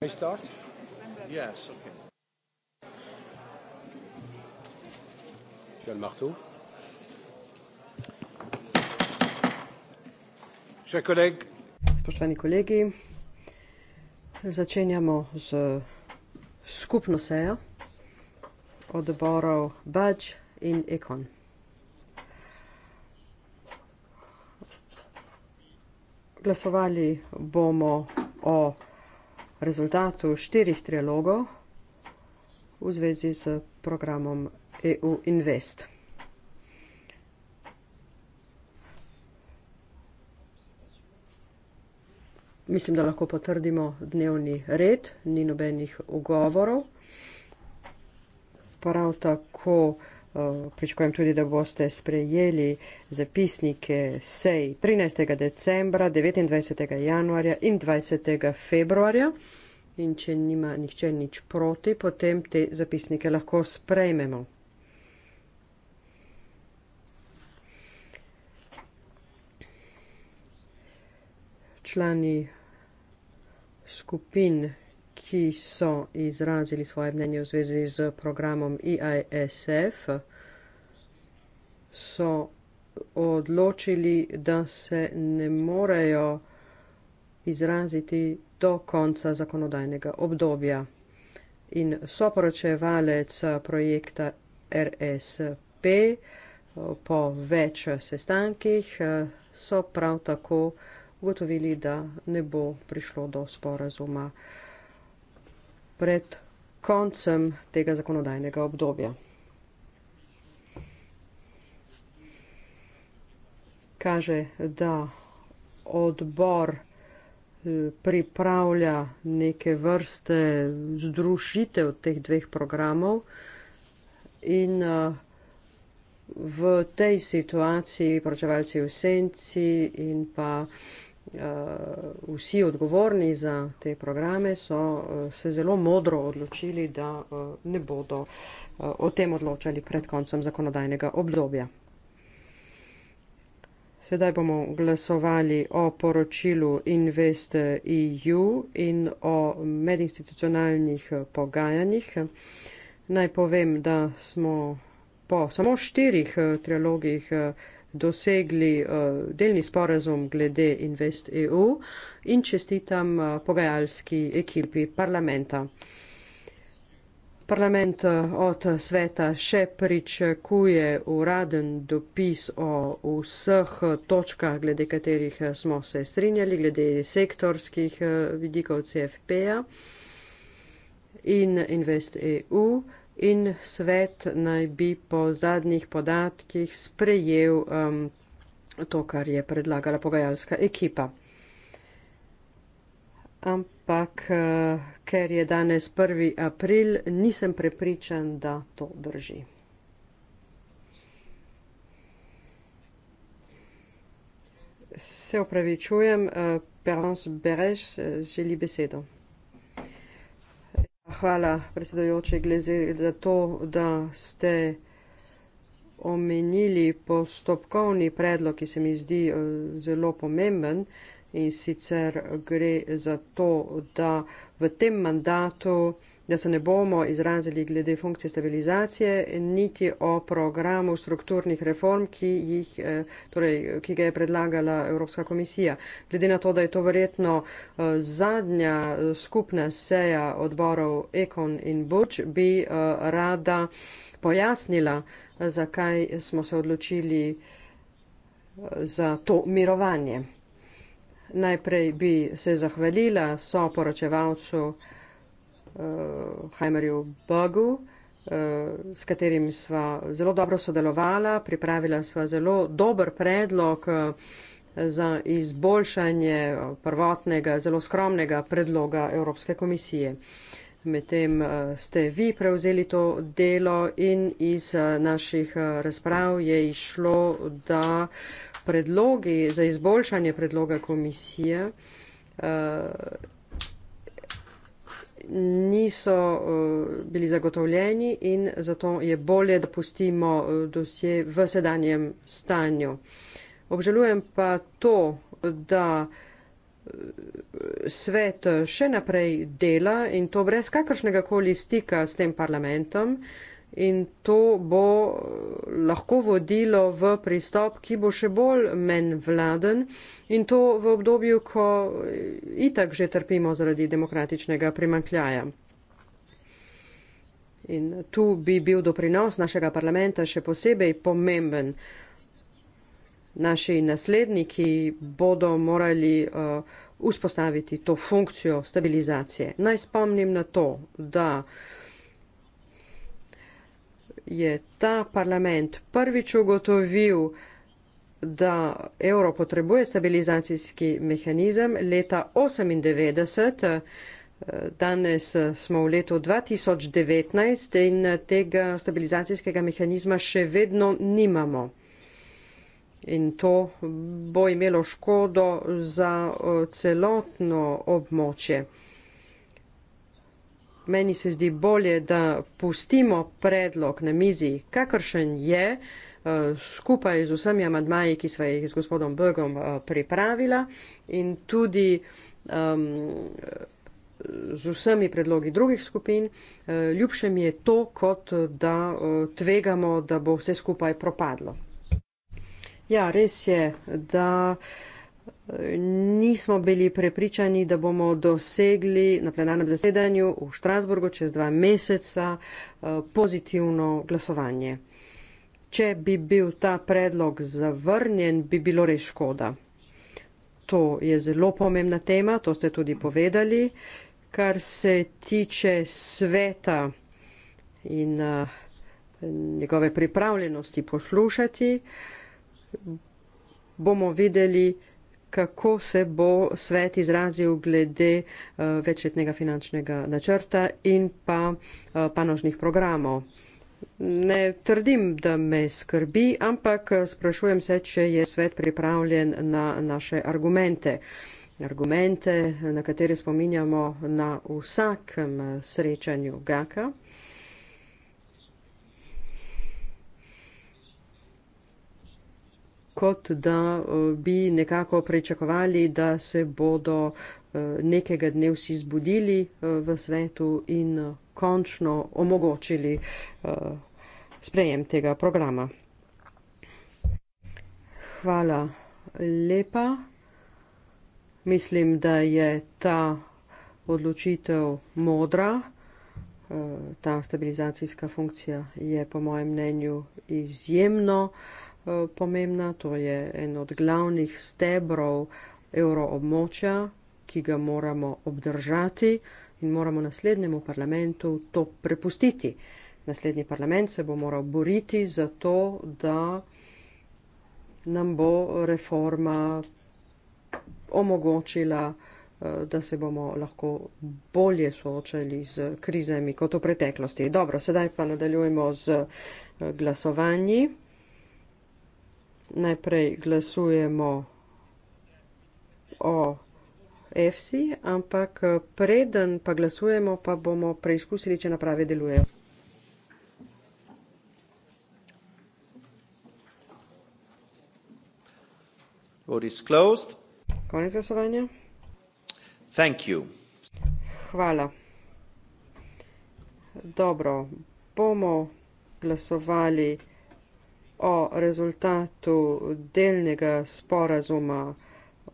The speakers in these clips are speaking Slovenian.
May I start? Yes, okay. Michel Marteau. Chers collègues. Spoštovani kolegi, začenjamo z skupno sejo odborov Budge in Econ. Glasovali bomo o rezultatu štirih trialogov v zvezi s programom EU Invest. Mislim, da lahko potrdimo dnevni red, ni nobenih ugovorov. Prav tako. Pričakujem tudi, da boste sprejeli zapisnike sej 13. decembra, 29. januarja in 20. februarja. In če nima nihče nič proti, potem te zapisnike lahko sprejmemo. Člani skupin ki so izrazili svoje mnenje v zvezi z programom EISF, so odločili, da se ne morejo izraziti do konca zakonodajnega obdobja. In soporočevalec projekta RSP po več sestankih so prav tako ugotovili, da ne bo prišlo do sporazuma pred koncem tega zakonodajnega obdobja. Kaže, da odbor eh, pripravlja neke vrste združitev teh dveh programov in eh, v tej situaciji poročevalci v senci in pa uh, uh, vsi odgovorni za te programe so uh, se zelo modro odločili, da uh, ne bodo uh, o tem odločali pred koncem zakonodajnega obdobja. Sedaj bomo glasovali o poročilu Invest EU in o medinstitucionalnih pogajanjih. Naj povem, da smo po samo štirih trilogih uh, dosegli uh, delni sporazum glede Invest EU in čestitam uh, pogajalski ekipi parlamenta. Parlament eh, od sveta še pričakuje uraden dopis o vseh točkah, glede katerih smo se strinjali, glede sektorskih vidikov CFP-ja in Invest EU in svet naj bi po zadnjih podatkih sprejel um, to, kar je predlagala pogajalska ekipa. Ampak, uh, ker je danes 1. april, nisem prepričan, da to drži. Se opravičujem, uh, Perons Berež uh, želi besedo hvala, predsedojoče, glede za to, da ste omenili postopkovni predlog, ki se mi zdi eh, zelo pomemben in sicer gre za to, da v tem mandatu da se ne bomo izrazili glede funkcije stabilizacije, niti o programu strukturnih reform, ki, jih, eh, torej, ki ga je predlagala Evropska komisija. Glede na to, da je to verjetno eh, zadnja eh, skupna seja odborov Ekon in Buč, bi rada pojasnila, zakaj smo se odločili za to mirovanje. Najprej bi se zahvalila soporočevalcu, uh, Heimerju Bogu, uh, s katerim sva zelo dobro sodelovala, pripravila sva zelo dober predlog uh, za izboljšanje prvotnega, zelo skromnega predloga Evropske komisije. Medtem ste vi prevzeli to delo in iz naših razprav je išlo, da predlogi za izboljšanje predloga komisije niso uh, bili zagotovljeni in zato je bolje, da pustimo uh, dosje v sedanjem stanju. Obžalujem pa to, da eh, svet še naprej dela in to brez kakršnega koli stika s tem parlamentom, uh, In to bo eh, lahko vodilo v pristop, ki bo še bolj menj vladen in to v obdobju, ko eh, itak že trpimo zaradi demokratičnega primankljaja. In tu bi bil doprinos našega parlamenta še posebej pomemben. Naši nasledniki bodo morali uh, vzpostaviti to funkcijo stabilizacije. Naj spomnim na to, da je ta parlament prvič ugotovil, da evro potrebuje stabilizacijski mehanizem leta 1998. Eh, danes eh, smo v letu 2019 in eh, tega stabilizacijskega mehanizma še vedno nimamo. In to bo imelo škodo za celotno območje meni se zdi bolje, da pustimo predlog na mizi, kakršen je, eh, skupaj z vsemi amadmaji, ki sva jih z gospodom Brgom eh, pripravila in tudi um, z vsemi predlogi drugih skupin. Eh, ljubše mi je to, kot da tvegamo, da bo vse skupaj propadlo. Ja, res je, da nismo bili prepričani, da bomo dosegli na plenarnem zasedanju v Štrasburgu čez dva meseca eh, pozitivno glasovanje. Če bi bil ta predlog zavrnjen, bi bilo res škoda. To je zelo pomembna tema, to ste tudi povedali. Kar se tiče sveta in eh, njegove pripravljenosti poslušati, bomo videli, kako se bo svet izrazil glede uh, večletnega finančnega načrta in pa uh, panožnih programov. Ne trdim, da me skrbi, ampak eh, sprašujem se, če je svet pripravljen na naše argumente. Argumente, na katere spominjamo na vsakem srečanju GAKA. kot da eh, bi nekako pričakovali, da se bodo eh, nekega dne vsi zbudili eh, v svetu in končno omogočili sprejem tega programa. Hvala lepa. Mislim, da je ta odločitev modra. Ta stabilizacijska funkcija je po mojem mnenju izjemno. Eh, pomembna, to je en od glavnih stebrov evroobmočja, ki ga moramo obdržati in moramo naslednjemu parlamentu to prepustiti. Naslednji parlament se bo moral boriti za to, da nam bo reforma omogočila, eh, da se bomo lahko bolje soočali z krizami kot v preteklosti. Dobro, sedaj pa nadaljujemo z eh, glasovanji najprej glasujemo o EFSI, ampak eh, preden pa glasujemo, pa bomo preizkusili, če naprave delujejo. Konec glasovanja. Thank you. Hvala. Dobro, bomo glasovali o rezultatu delnega sporazuma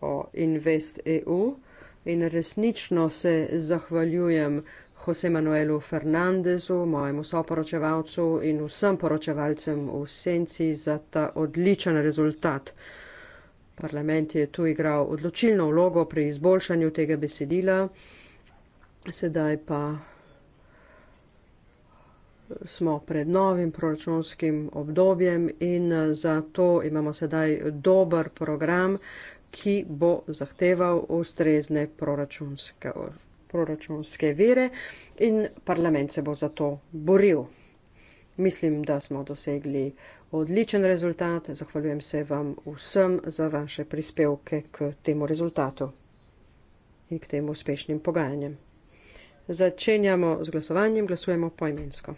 o Invest EU in resnično se zahvaljujem Jose Manuelu Fernandezu, mojemu soporočevalcu in vsem poročevalcem v senci za ta odličen rezultat. Parlament je tu igral odločilno vlogo pri izboljšanju tega besedila. Sedaj pa smo pred novim proračunskim obdobjem in eh, zato imamo sedaj dober program, ki bo zahteval ustrezne proračunske, proračunske vire in parlament se bo za to boril. Mislim, da smo dosegli odličen rezultat. Zahvaljujem se vam vsem za vaše prispevke k temu rezultatu in k tem uspešnim pogajanjem. Začenjamo z glasovanjem, glasujemo poimensko.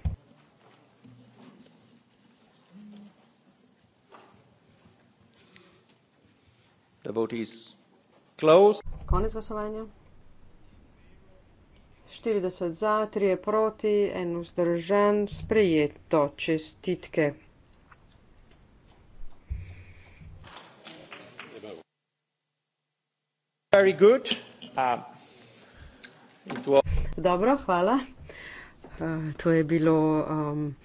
vote is closed. Konec glasovanja. 40 za, 3 proti, 1 vzdržan, sprejeto čestitke. Very good. Uh, Dobro, hvala. Uh, to je bilo um,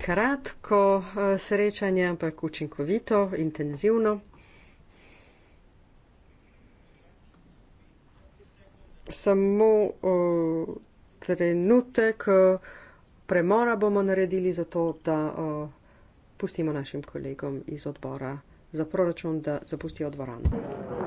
kratko uh, srečanje, ampak učinkovito, intenzivno. samo uh, trenutek, uh, premora bomo naredili za to, da uh, pustimo našim kolegom iz odbora za proračun, da zapustijo dvorano.